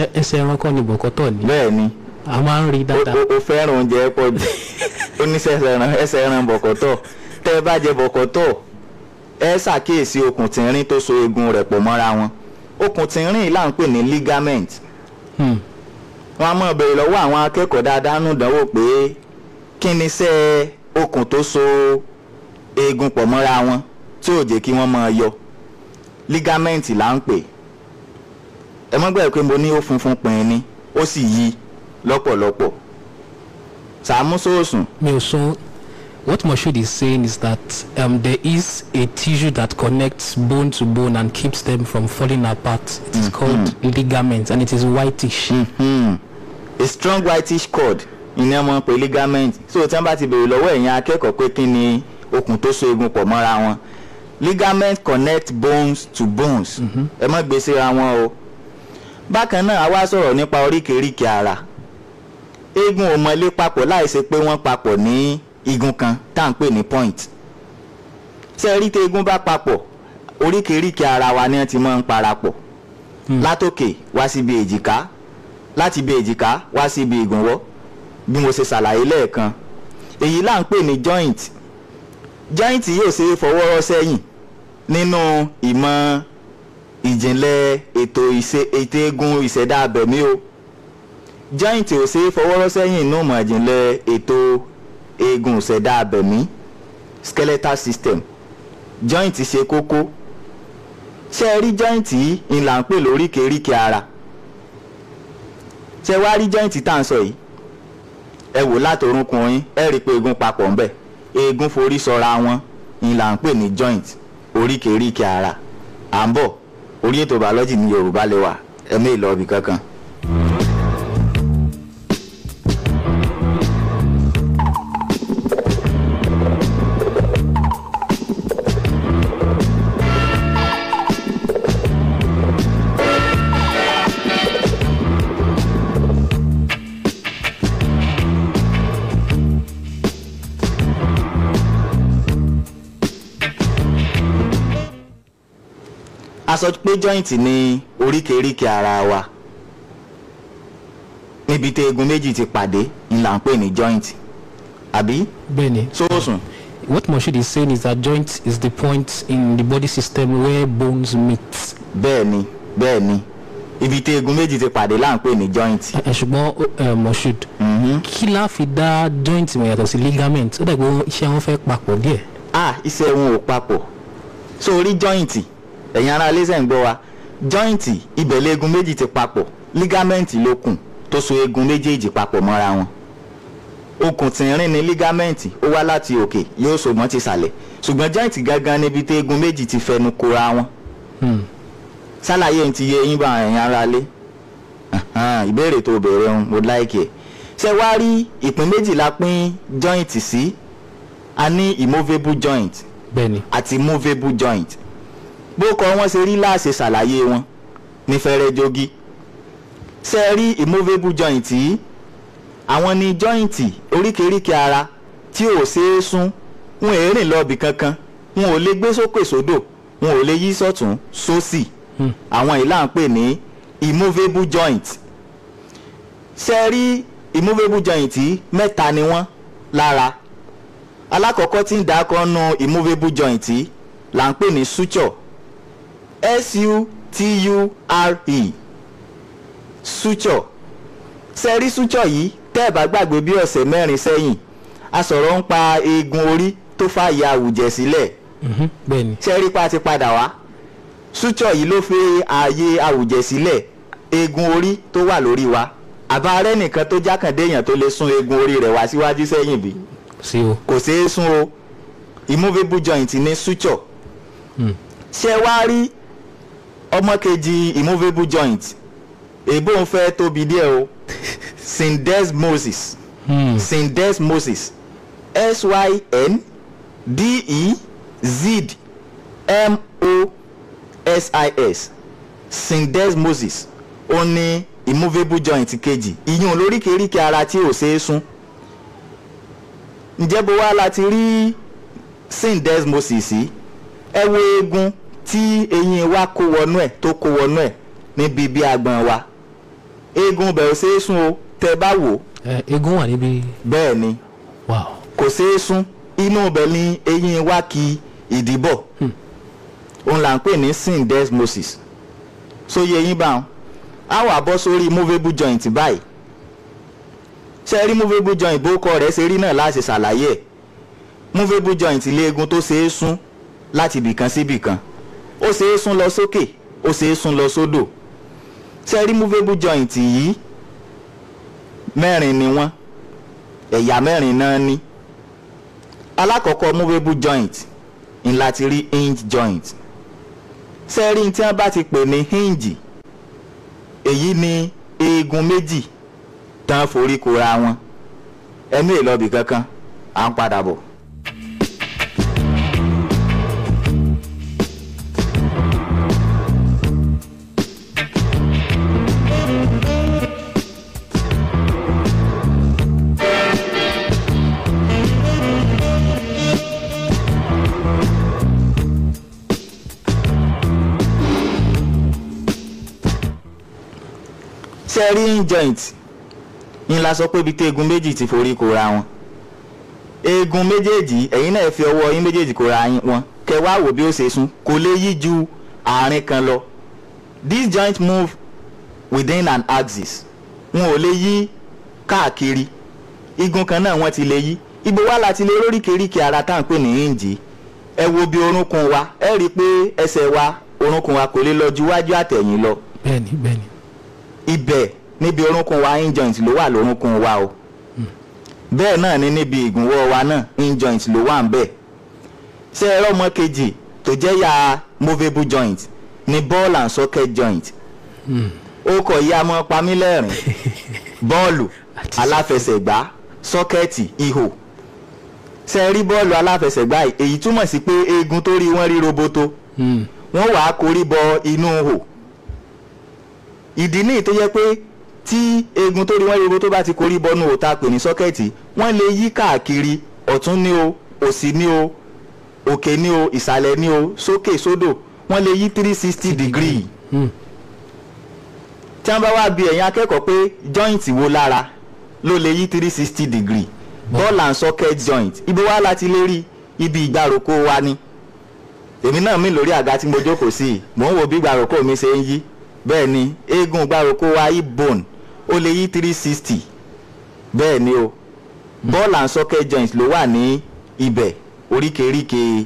ẹsẹ̀ ẹranko ni bọ̀kọ́tọ̀ ni. bẹ́ẹ̀ni a máa ń rí dáadáa. o fẹ́ràn oúnjẹ pọ̀ jù ó ní ẹsẹ̀ ẹran bọ̀kọ́tọ̀ tẹ́ ẹ bá jẹ bọ̀kọ́tọ̀ ẹ ṣàkíyèsí okùn tínrín tó so eegun rẹ̀ pọ̀ mọ́ra wọn okùn tínrín là ń pè ní ligament. Hmm. wọn a máa béèrè lọ́wọ́ àwọn akẹ́kọ̀ọ́ dáadáa nù dánwò pé kí ni iṣẹ́ okùn tó so eegun pọ̀ mọ́ra wọn tí ò jẹ́ kí wọ́n máa yọ ligament là ń pè é ẹ má gbàgbé pé mo ní ó funfun pin ni ó sì yí lọ́pọ̀lọpọ̀ Sàámú mi ò sun what Moshood is saying is that um, there is a tissue that connects bone to bone and keeps them from falling apart. It is mm-hmm. called ligament and it is whitish. Mm-hmm. A strong whitish cord ni wọ́n máa ń ligament. So tí wọ́n bá ti béèrè lọ́wọ́ ẹ̀yin akẹ́kọ̀ọ́ pé kí ni okùn tó so eegun pọ̀ mọ́ra wọn. Ligament connect bones to bones. Mm-hmm. Ẹ má gbé síra wọn o bákan náà a wá sọ̀rọ̀ nípa oríkèéríkèé ara eegun ò mọlé papọ̀ láìsí pé wọ́n papọ̀ ní igun kan tá à ń pè ní point ṣé rí tí eegun bá papọ̀ oríkèéríkèé ara wa ni wọ́n ti máa ń parapọ̀ hmm. látòkè wá síbi èjìká láti ibi èjìká wá síbi ìgúnwọ́ bí mo ṣe ṣàlàyé lẹ́ẹ̀kan èyí là ń pè ní joint joint yóò ṣe é fọwọ́ rọ́ sẹ́yìn nínú ìmọ̀ ìjìnlẹ̀ ètò ìṣègùn ìṣẹ̀dá abẹ̀mí o joint ò ṣeé fọwọ́rọ́ sẹ́yìn inú ìmọ̀ ìjìnlẹ̀ ètò eegun ìṣẹ̀dá abẹ̀mí skeletal system joint ṣe kókó ṣé ẹ rí joint yìí ń là ń pè lóríkèéríkèé ara ṣé wá rí joint tá à ń sọ yìí ẹ wò látòrúnkún yín ẹ rí i pé eegun papọ̀ ń bẹ eegun forí sọra wọn ń ń pè ní joint oríkèéríkèé ara à ń bọ̀ orí ètò bàọ́lọ́jì ní yorùbá lè wà ẹ mí kankan. sọ pé joint ni oríkèéríkèé ara wa níbi tí eegun méjì ti pàdé ni ń pè ní joint àbí. bẹ́ẹ̀ni sóòsùn. what Moshood is saying is that joint is the point in the body system where bones meet. bẹ́ẹ̀ni bẹ́ẹ̀ni ibi tí eegun méjì ti pàdé là ń pè ní joint. ẹ ṣùgbọ́n Moshood. Mm-hmm. kí la fi dá joint mọ̀ yàtọ̀ sí ligament ó dàgbé iṣẹ́ wọn fẹ́ papọ̀ díẹ̀. ah iṣẹ́ wọn ò papọ̀ sórí joint. So, ẹ̀yin ará ilé sẹ̀ ń gbọ́ wa jọ́ìntì ìbẹ̀lẹ̀ eegun méjì ti papọ̀ lígámẹ́ǹtì lókùn tó so eegun méjèèjì papọ̀ mọ́ra wọn okùn tìrín ni ligamenti ó wá láti òkè yóò so mọ́ ti sàlẹ̀ ṣùgbọ́n jọ́ìntì gangan níbi tí eegun méjì ti fẹnu kora wọn. Hmm. ṣàlàyé ń ti yé yín bá ẹ̀yin ará ilé ìbéèrè tó béèrè ń mo láìkè ṣe wá rí ìpín méjìlá pín jọ́ìntì sí a ní immovable joint àti movable joint bókọ wọn ṣe rí láàṣẹ ṣàlàyé wọn ní fẹrẹ jogi ṣe rí immovable joint yìí àwọn ni joint oríkèéríkèé ara tí ò ṣeé sún wọn ò rìn lọ ibì kankan wọn ò lè gbé sókè sódò wọn ò lè yí sọ́tún sósì hmm. àwọn ìlà ń pè ní immovable joint ṣe rí immovable joint yìí mẹ́ta ni wọ́n lára alákọ̀ọ́kọ́ tí ń dà kọ́ nu immovable joint yìí là ń pè ní suture E. s-u-t-u-r-e suture sẹ́rí suture yìí tẹ́ ẹ̀ bá gbàgbé bí ọ̀sẹ̀ mẹ́rin sẹ́yìn a sọ̀rọ̀ ń pa eegun orí tó fààyè àwùjẹ sílẹ̀ sẹ́rí mhm, pa ti padà wá suture yìí ló fi ààyè àwùjẹ sílẹ̀ eegun orí tó wà lórí wa àbá arẹ́ nìkan tó jákàndé èèyàn tó lè sún eegun orí rẹ̀ wá síwájú sẹ́yìn bí kò ṣeé sún o immovable joint ní suture hmm. ṣé wá rí ọmọ kejì immovable joint ègbó ń fẹ́ tóbi díẹ̀ o sindes moses hmm. sindes moses s y n d e z m o s i s sindes moses ó ní immovable joint kejì ìyún lóríkèéríkèé ara tí ò ṣeé sún ǹjẹ́ bó wá láti rí sindes moses yìí ẹ wo eegun tí eyín wa kó wọnú ẹ̀ tó kó wọnú ẹ̀ níbi bí agbọ̀n wa eegun bẹ̀ ò ṣeé sún o tẹ bá wò. eegun wà níbí. bẹ́ẹ̀ ni kò ṣeé sún inú ibẹ̀ ni eyín wa kì ìdìbọ̀ hmm. òun là ń pè ní syndesmosis sóye eyín bá wọn á wà bọ́ sórí movable joint báyìí ṣe rí movable joint bó kọ rẹ̀ ṣe rí náà láti ṣàlàyé ẹ̀ movable joint lé eegun tó ṣeé sún láti ibìkan sí ibìkan. Si ó ṣe é sún lọ sókè ó ṣe é sún lọ sódò ṣe rí movable joint yìí mẹ́rin ni wọ́n ẹ̀yà mẹ́rin náà ní alákọ̀ọ́kọ́ movable joint ńlá ti rí hinge joint ṣe rí tí wọ́n bá ti pè ní hinge èyí ni eegun méjì tán forí kora wọn ẹnu èlọ́bì kankan à ń padà bọ̀. ṣe rí joint ni la sọ pé ibi tí eegun méjì ti forí kóra wọn eegun méjèèjì ẹ̀yin náà fi ọwọ́ yín méjèèjì kóra wọn kẹ wá wò bí ó ṣe sún kò lè yí ju àárín kan lọ this joint move within an axis wọn ò lè yí káàkiri igun kan náà wọ́n ti lè yí ibo wá láti lè lóríkèéríkèé ara tá à ń pè ní ìǹjì ẹ wo bí orúnkún wa ẹ rí i pé ẹsẹ̀ wa orúnkún wa kò lè lọ ju wájú àtẹ̀yìn lọ. bẹ́ẹ̀ni bẹ́ẹ̀ni ibẹ̀ níbi orúnkún wa injoint ló wà lórúnkún wa o bẹ́ẹ̀ náà ni níbi ìgúnwọ́ wa náà injoint ló wà ń bẹ̀ ṣé ẹ rọ́mọ kejì tó jẹ́ ya movable joint ni ball and socket joint ó kọ̀ ya mọ́ pamílẹ̀rìn bọ́ọ̀lù aláfẹsẹ̀gbá sọ́kẹ́ẹ̀tì ihò ṣe rí bọ́ọ̀lù aláfẹsẹ̀gbá èyí túmọ̀ sí pé eegun tó rí wọ́n rí roboto hmm. wọ́n wàá korí bọ inú ihò ìdí ní tó pé tí eegun tó rí wọ́n ríro tó bá ti korí bọnú òòta pè ní sọ́kẹ́ẹ̀tì wọ́n lè yí káàkiri ọ̀tún ní o òsì ní o òkè ní o ìsàlẹ̀ ní o sókè sódò wọ́n lè yí three sixty degree hmm. tí wọ́n bá wá bi ẹ̀yin akẹ́kọ̀ọ́ pé joint wo lára ló lè yí three sixty degree hmm. ball and socket joint ibi wá láti lè rí ibi ìgbàròkó wa ni èmi náà mi lórí àga tí mo jókòó sí mò ń wo bí ìgbàròkó mi ṣe ń yí bẹ́ẹ̀ ni eégún gbáròkó wa e-bone ó lè yí three sixty bẹ́ẹ̀ ni o ball and socket joint ló wà ní ibẹ̀ oríkèéríkèé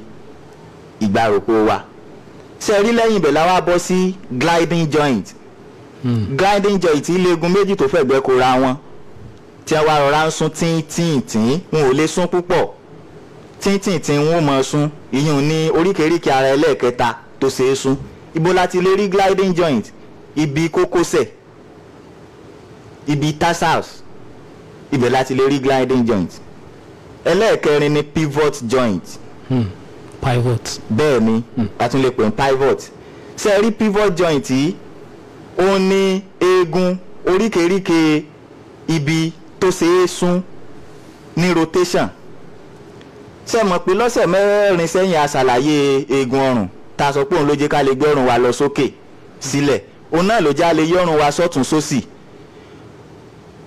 ìgbáròkó wa ṣe rí lẹ́yìn ibẹ̀ la wá bọ́ sí gliding joint hmm. gliding joint iléegun méjì tó fẹ̀gbẹ́ kóra wọn tí wọ́n wá rọra ń sún tíntìntín wọn ò lè sún púpọ̀ tíntìntín wọn ò mọ̀ sún ìyún ní oríkèéríkèé ara ẹlẹ́ẹ̀kẹta tó ṣeé sún ibo láti lè rí gliding joint ibi kókósẹ̀ ibi tarsals ibẹ̀ láti lè rí gliding joint ẹlẹ́ẹ̀kẹrin ni pivot joint. Hmm. pivot. bẹ́ẹ̀ ni hmm. a tún lè pè ní pivot ṣe rí pivot joint yìí ó ní eegun oríkèéríkèé ibi tó ṣeé sún ní rotation ṣe mọ̀ pé lọ́sẹ̀ mẹ́rin sẹ́yìn a ṣàlàyé eegun ọrùn tá a sọ pé òun ló jẹ́ ká lè gbé wa lọ sókè sílẹ̀ òun náà ló já lè yọrùn wa sọ́tún sósì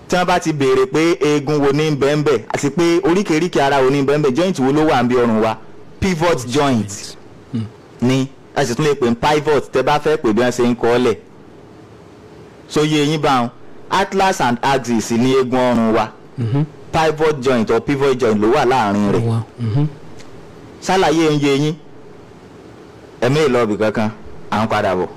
tí wọ́n bá ti béèrè pé eegun wo ní bẹ́ẹ̀nbẹ́ẹ̀ àti pé oríkèéríkèé ara wo ní bẹ́ẹ̀nbẹ́ẹ̀ joint wo ló wà níbi ọrùn wa pivot oh, joint hmm. ni a sì tún lè pè ní pivot tẹ́ bá fẹ́ pè bí wọ́n ṣe ń kọ́ ọ́ lẹ̀ so yé eyín bá wọn atlas and axis ni eegun ọrùn wa mm-hmm. pivot joint or pivot joint ló wà láàrin rẹ̀ mm-hmm. ṣàlàyé ń yé eyín ẹ̀mí ìlọ́ọ̀bì kankan à ń padà bọ̀.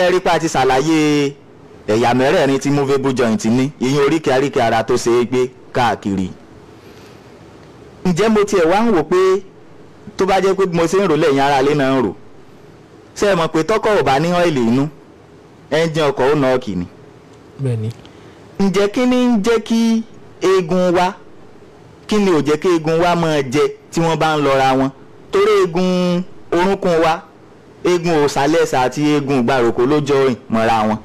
ṣe rí pa ti ṣàlàyé ẹ̀yà mẹ́rẹ̀ẹ̀rin tí movable joint ní ìyẹn oríkèé aríkèé ara tó ṣe é gbé káàkiri ǹjẹ́ mo tiẹ̀ wá ń wò pé tó bá jẹ́ pé mo ṣe ń rò lẹ́yìn ara lé náà ń rò ṣé ẹ mọ̀ pé tọ́kọ̀ ò bá ní ọ́ìlì inú ẹ́ńjìn ọkọ̀ ó náà kì ni. bẹ́ẹ̀ni. ǹjẹ́ kí ni ń jẹ́ kí eegun wa kí ni ò jẹ́ kí eegun wa máa jẹ tí wọ́n bá ń ra wọn torí eegun orúnkún wa eégún òsàlẹ̀sà àti eégún ìgbàròkó ló jọ rìn mọ́ra wọn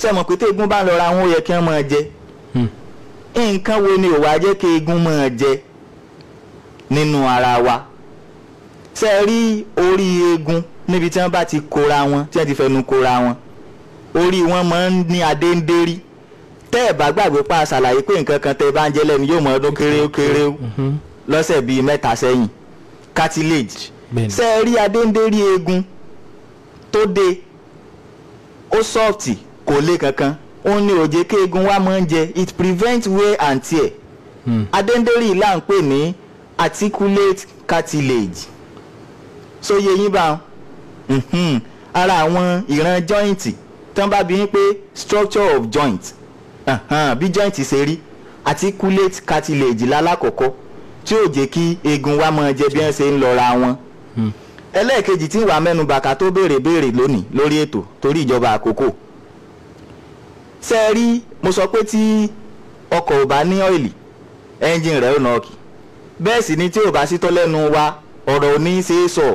ṣé mọ̀ pé téégún bá lọ́ra wọn ó yẹ kí wọ́n máa jẹ hmm. nǹkan wo ni òwà jẹ́ kí eégún máa jẹ nínú ara wa ṣé ẹ rí orí eégún níbi tí wọ́n bá ti kóra wọn tí wọ́n ti fẹnu kóra wọn orí wọn máa ń ní adéǹdérí tẹ́ ẹ̀ bá gbàgbé pa àṣàlàyé pé nǹkan kan tẹ́ ẹ bá ń jẹ lẹ́nu yóò mọ ọdún kéré kéré mm-hmm. lọ́sẹ̀ bíi mẹ́ta sẹ́yìn cartilage ṣé rí adéǹdérí eégún tó de ó sọ́ọ̀tì kò le kankan ó ní òjé kéegun wá máa ń jẹ it prevents wear and tear hmm. adéǹdérì là ń pè ní articulate cartilage so yẹ yín bá mm-hmm. ara àwọn ìran joint tán bá bí yín pé structure of joint uh-huh. bí joint ṣe rí articulate cartilage lálákọ̀ọ́kọ́ tí ò jẹ́ kí eegun wá máa jẹ bí wọ́n ṣe ń lọ́ra wọn. Hmm ẹlẹ́ẹ̀kejì tí wàá mẹ́nu bàkà tó béèrè béèrè lónìí lórí ètò torí ìjọba àkókò ṣe é rí mo sọ pé tí ọkọ̀ ò bá ní ọ́ìlì ẹ́ńjìn rẹ̀ ò nọ́ọ̀kì bẹ́ẹ̀ sì ni tí ò bá sí tọ́lẹ́nu wa ọ̀rọ̀ ò ní í ṣe é sọ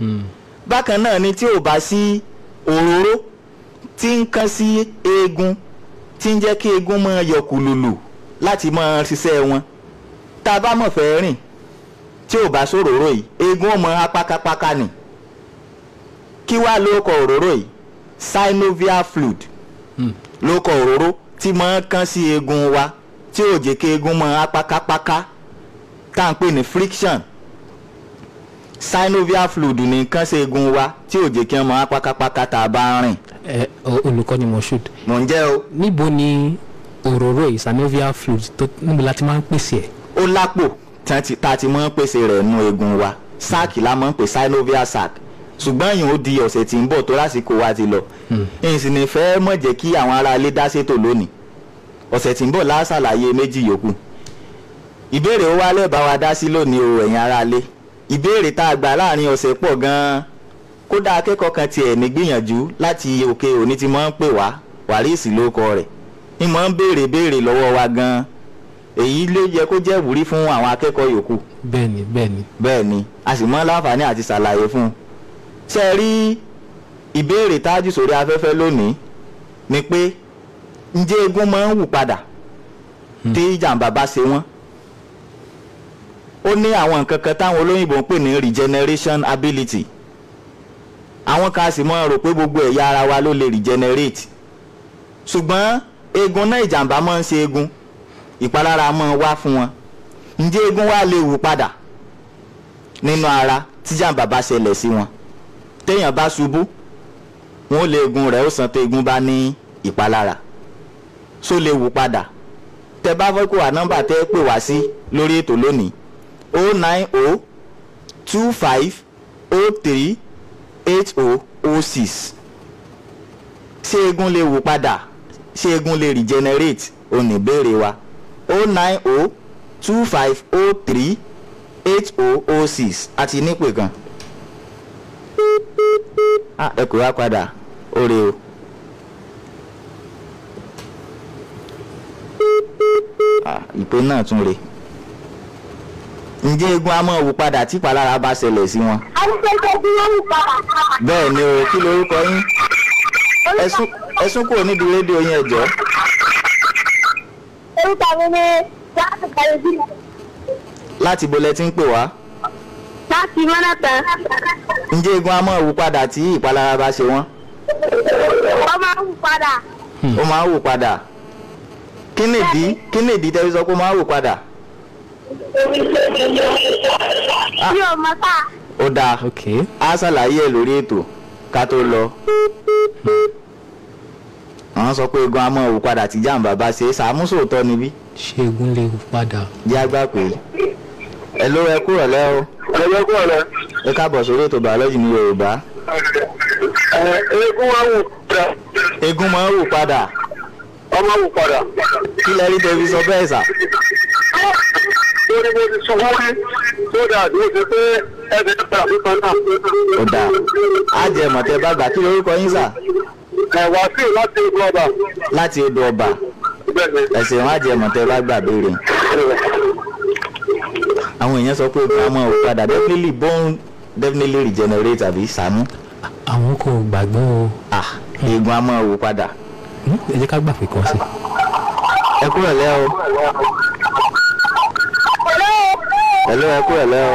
hmm. bákan náà ni tí ò bá sí òróró tí ń kan sí eegun tí ń jẹ́ kí eegun máa yọkùlùlù láti máa ṣiṣẹ́ wọn tá a bá mọ̀ fẹ́ rìn tí ò bá sòróró yìí eegun ọmọ apákápáká ni kí wàá ló kọ òróró yìí synovial fluid hmm. ló kọ òróró tí mọ kán sí eegun wa tí ò jẹ́ kí eegun mọ apákápáká tá à ń pè ní friction synovial fluid nìkan ṣe eegun wa tí ò jẹ́ kí ọmọ apákápáká tá a bá ń rìn. ẹ olùkọ́ ni Moshood. mò ń jẹ́ o. níbo ni òróró yìí synovial fluid tó níbo la ti máa ń pèsè ẹ̀. ó lápò tá a ti mọ́ pèsè rẹ̀ nu eegun wa sac la mọ́ pè synovial sac ṣùgbọ́n yìí ó di ọ̀sẹ̀ tí ń bọ̀ tó lásìkò wa ti lọ ìsìnì hmm. fẹ́ mọ̀ jẹ́ kí àwọn ará ilé dá ṣètò lónìí ọ̀sẹ̀ tí ń bọ̀ láṣàlàyé méjì yòókù ìbéèrè wa lẹ́ẹ̀bá wa dá sí lónìí o ẹ̀yin ará ilé ìbéèrè tá a gbà láàrin ọ̀sẹ̀ pọ̀ gan-an kódà akẹ́kọ̀ọ́ kan tiẹ̀ ní gbìyànjú láti òkè òní ti mọ́ ń pè wá wàríìsì ló rẹ̀ ni mọ́ ń béèrè béèrè lọ́wọ́ wa gan-an èyí ló yẹ kó jẹ́ ìwúrí fún àwọn akẹ́kọ̀ọ́ yòókù. bẹ́ẹ̀ni bẹ́ẹ̀ni. bẹ́ẹ̀ni a sì mọ láǹfààní àti ṣàlàyé fún un. ṣé ẹ rí ìbéèrè tájú sórí afẹ́fẹ́ lónìí ni pé ǹjẹ́ eégún máa ń wù padà hmm. tí ìjàmbá bá ṣe wọ́n. ó ní àwọn nǹkan kan táwọn olóyìnbó ń pè ní regeneration ability. àwọn kan sì mọ rò pé gbogbo ẹ̀yà ara wa ló lè regenerate. ṣùgbọ́n eégún náà ìjàmbá máa ń ṣe eégún ìpalára máa wá fún wọn ǹjẹ́ eegun wá lè wù padà nínú ara tíjàmbá bá ṣẹlẹ̀ sí wọn téèyàn bá ṣubú wọn ò lè eegun rẹ̀ ó sàn tó eegun bá ní ìpalára ṣó lè wù padà tẹ bá fẹ́ kó wà nọ́mbà tẹ́ pè wá sí lórí ètò lónìí o oh nine o oh two five o oh three eight o o six ṣé eegun lè wù padà ṣé eegun lè regenerate ó ní wa 090 2503 8006 àti nípè kan. Ah, ẹ kò wá padà ó rè o. Ah, ìpè náà tún rè ǹjẹ́ eégún amọ̀ òwú padà tí ìpalára bá ṣẹlẹ̀ sí wọn. bẹ́ẹ̀ ni o kí lorúkọ yín ẹ̀sùn kúrò nídìí rédíò yín ẹ̀jọ̀. orúkọ mi ni láti kàyéjì. láti ibo ń pè wá. láti mọ́nàtà. ǹjẹ́ egun wù padà tí ìpalára bá ṣe wọ́n. ó máa ń wù padà. Hmm. ó máa ń wù padà. kí nìdí kí nìdí tẹ́ fi sọ pé ó máa ń wù padà. Ah. mi ò ká. ó dáa a ṣàlàyé lórí ètò ká tó lọ. àwọn sọ pé egun amọ̀ òwú padà tí jàǹbá bá ṣe é sàmúsòótọ́ níbí. ṣégun lè padà. jẹ́ àgbà ẹ ló ẹ kúrọ̀ lẹ́ o. ẹ ló kúrọ̀ lẹ́. ẹ káàbọ̀ sórí ètò bàọ́lọ́jì ní Yorùbá. egun máa ń wù padà. egun máa ń wù padà. ọmọ wù padà. kí lẹ rí tẹbi sọ bẹ́ẹ̀ sà. lórí mo ti sọ wọ́n rí sódà ó dáa á jẹ mọ̀tẹ́ bàgbà kí lórúkọ yín sà ẹ wàásù láti edo ọba. láti edo ọba ẹsẹ̀ wọn á jẹ mọ̀tẹ́ bá gbà béèrè àwọn èèyàn sọ pé obìnrin máa definitely born definitely regenerate àbí sànú. àwọn kò gbàgbọ́ o. eegun a máa wò padà. ẹ jẹ́ ká gbà pé kàn sí. ẹ kú ẹ̀lẹ́ o. ẹ̀lẹ́ ẹ kú ẹ̀lẹ́ o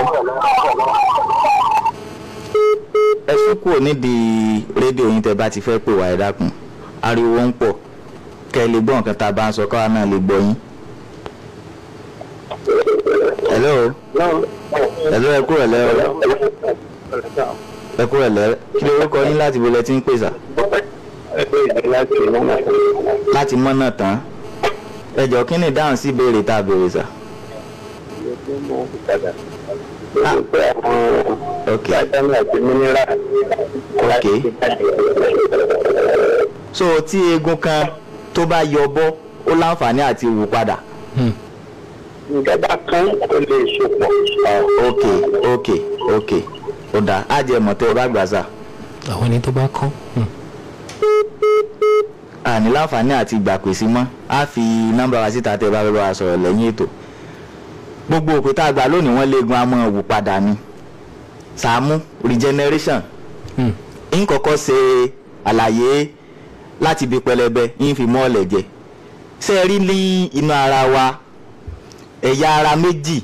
ẹ sún kúrò nídìí rédíò yín tẹ bá ti fẹ́ pè wá ẹ dákun ariwo ń pọ̀ kẹ́ lè gbọ́ nǹkan tá a bá ń sọ káwa náà lè gbọ́ yín. hello hello ẹ kúrò lẹ́ ẹ kúrò lẹ́ kí ló orúkọ yín láti bolẹ̀ tí ń pè sà. láti mọ́nà tán ẹ kí ni ìdáhùn sí ìbéèrè tá a béèrè sà ok ok so tí eegun kan tó bá yọ bọ́ ó láǹfààní àti wù padà. ìjọba hmm. kan ok ok ok ó dáa á jẹ mọ̀tẹ́ ọba gbàzà. àwọn ẹni tó bá kọ́. àní hmm. láǹfààní àti ìgbà pèsè mọ́ á fi nọ́mbà wa síta tẹ́ bá fẹ́ bá wa sọ̀rọ̀ lẹ́yìn ètò gbogbo òpè tá a gbà lónìí wọ́n léegun amọ̀ wù padà ni. Sàámú regeneration hmm. n kọ́kọ́ ṣe àlàyé láti ibi pẹlẹbẹ n fi mọ́ ọ̀lẹ̀ jẹ ṣe é rí ní inú ara wa ẹ̀yà ara méjì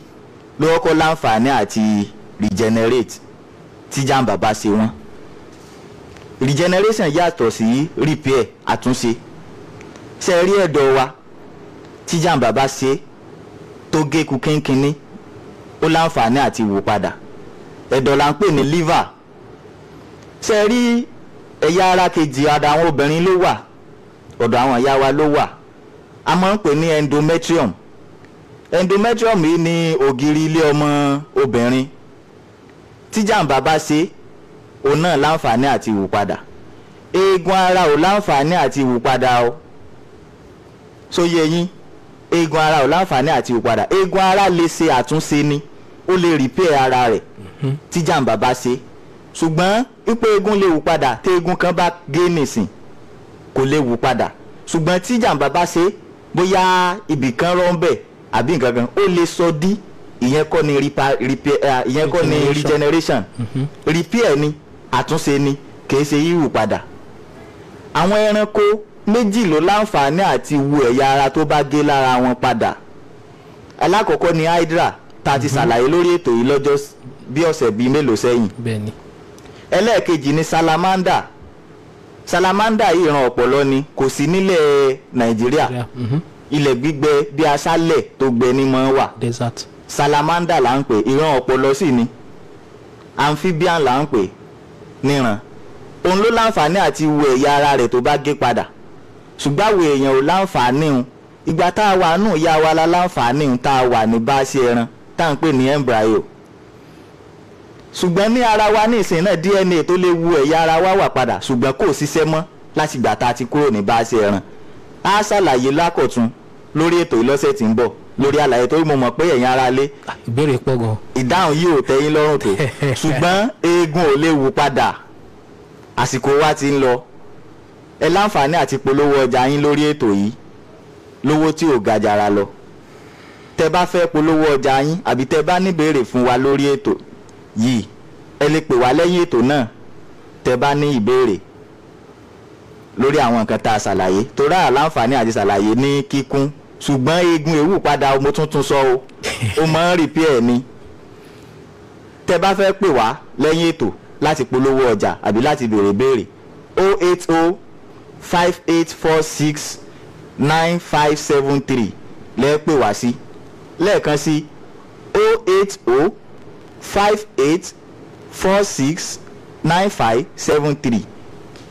ló kọ́kọ́ láǹfààní àti regenerate tí jàǹbá bá ṣe wọ́n regeneration yàtọ̀ sí repair àtúnṣe ṣe é rí ẹ̀dọ̀ wa tí jàǹbá bá ṣe tó gé kú kínkínní ó láǹfààní àti wò padà ẹ̀dọ̀ là ń pè ní liver ṣe rí ẹ̀yà ara kejì ọ̀dọ̀ àwọn obìnrin ló wà ọ̀dọ̀ àwọn ìyá wa ló wà a máa ń pè ní endometrium endometrium yìí ni ògiri ilé ọmọ obìnrin tíjàǹbá bá ṣe òun náà láǹfààní àti wù padà eegun ara ò láǹfààní àti wù padà o sóyè yín eegun ara ò láǹfààní àti wù padà eegun ara lè ṣe àtúnṣe ni ó lè rìpẹ́ ara rẹ̀ tí jàǹbá bá ṣe ṣùgbọ́n wípé eegun lè wù padà tí eegun kan bá gé nìsín kò lè wù padà ṣùgbọ́n tí jàǹbá bá ṣe bóyá ibì kan rọ́ ń bẹ̀ àbí nǹkan kan ó lè sọ dí ìyẹn kọ́ ni ìyẹn kọ́ ni regeneration mhm. repair ni àtúnṣe ni kìí ṣe yíwù padà àwọn ẹranko méjì ló láǹfààní àti wu ẹ̀yà ara tó bá gé lára wọn padà alákọ̀ọ́kọ́ ni hydra tá a ti mhm. ṣàlàyé lórí ètò yìí bí ọ̀sẹ̀ bíi mélòó sẹ́yìn. bẹ́ẹ̀ni. ẹlẹ́ẹ̀kejì ni salamanda salamanda yìí ìran ọ̀pọ̀lọ ni kò sí nílẹ̀ nàìjíríà mhm. ilẹ̀ gbígbẹ bí aṣálẹ̀ tó gbẹ ní mọ́ wà. desert. salamanda là ń pè ìran ọ̀pọ̀lọ sì ni amphibian là ń pè níran òun ló láǹfààní àti wo ẹ̀yà ara rẹ̀ tó bá gé padà ṣùgbọ́n àwọn èèyàn ò láǹfààní o ìgbà tá a wà nù ìyá wa la láǹfààní tá a wà ní bá a ṣe ẹran tá à ń pè ní embryo ṣùgbọ́n ní ara wa ní ìsìn náà DNA tó lè wu ẹ̀yà ara wa wà padà ṣùgbọ́n kò ṣiṣẹ́ mọ́ láti gbà tá a ti kúrò ní báàsì ẹran á ṣàlàyé lákọ̀tún lórí ètò ìlọ́sẹ̀ tí ń bọ̀ lórí àlàyé tó mọ̀ mọ̀ pé ẹ̀yin ara lé. ìbéèrè pọ̀ gan. ìdáhùn yìí ò tẹ́yìn lọ́rùn tó ṣùgbọ́n eegun ò lè wù padà àsìkò wa ti ń lọ ẹ láǹfààní àti polówó ọjà yín lórí ètò yìí lówó tí ò ga jàrà lọ tẹ bá fẹ́ polówó ọjà yín àbí tẹ bá níbèrè fún wa lórí ètò yìí ẹ lè pè wá lẹ́yìn ètò náà tẹ́ bá ní ìbéèrè lórí àwọn nǹkan tá a ṣàlàyé torí àlàǹfààní àti ṣàlàyé ní kíkún ṣùgbọ́n eegun ewu padà mo tuntun sọ o ó mọ̀ ń rìpíẹ̀ ni tẹ́ bá fẹ́ pè wá lẹ́yìn ètò láti polówó ọjà àbí láti béèrè béèrè o oh eight o oh five eight four six nine five seven three lẹ́ẹ̀ wá sí lẹ́ẹ̀kan sí o oh eight o five eight four six nine five seven three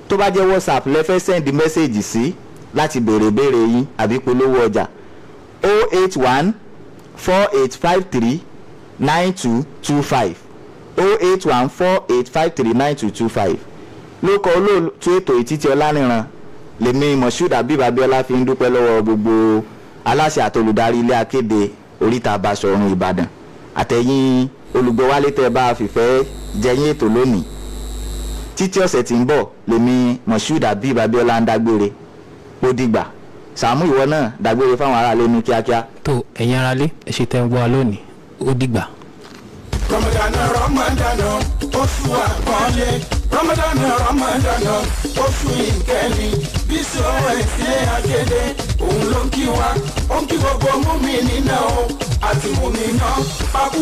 tó bá jẹ́ whatsapp lẹ fẹ́ send message sí láti béèrè béèrè yín àbí polówó ọjà o oh eight one four eight five three nine two two five o oh eight one four eight five three nine two two five ló kọ olóòtú ètò ìtítí ọlárinran lèmi moshood abib abiola fi ń dúpẹ́ lọ́wọ́ gbogbo aláṣẹ àtolùdarí ilé akéde oríta basọ̀run ìbàdàn àtẹ̀yìn olùgbọ́ wálé tẹ́ bá a fìfẹ́ jẹyìn ètò lónìí títí ọ̀sẹ̀ tí ń bọ̀ lèmi moshood abib abiola ń dágbére ó dìgbà sàmú ìwọ náà dágbére fáwọn aráalé ní kíákíá. tó ẹ̀yin aráalé ẹ tẹ́ ń gbọ́ lónìí ó dìgbà. rọmọdánù rọmọdánù oṣù àpọ́nlé rọmọdánù rọmọdánù oṣù ìkẹ́ni bí sọ̀rọ̀ ẹ̀sìn akéde òun ló kí wa ó ń kí gbogbo mú mi nínà o àti mú mi ná.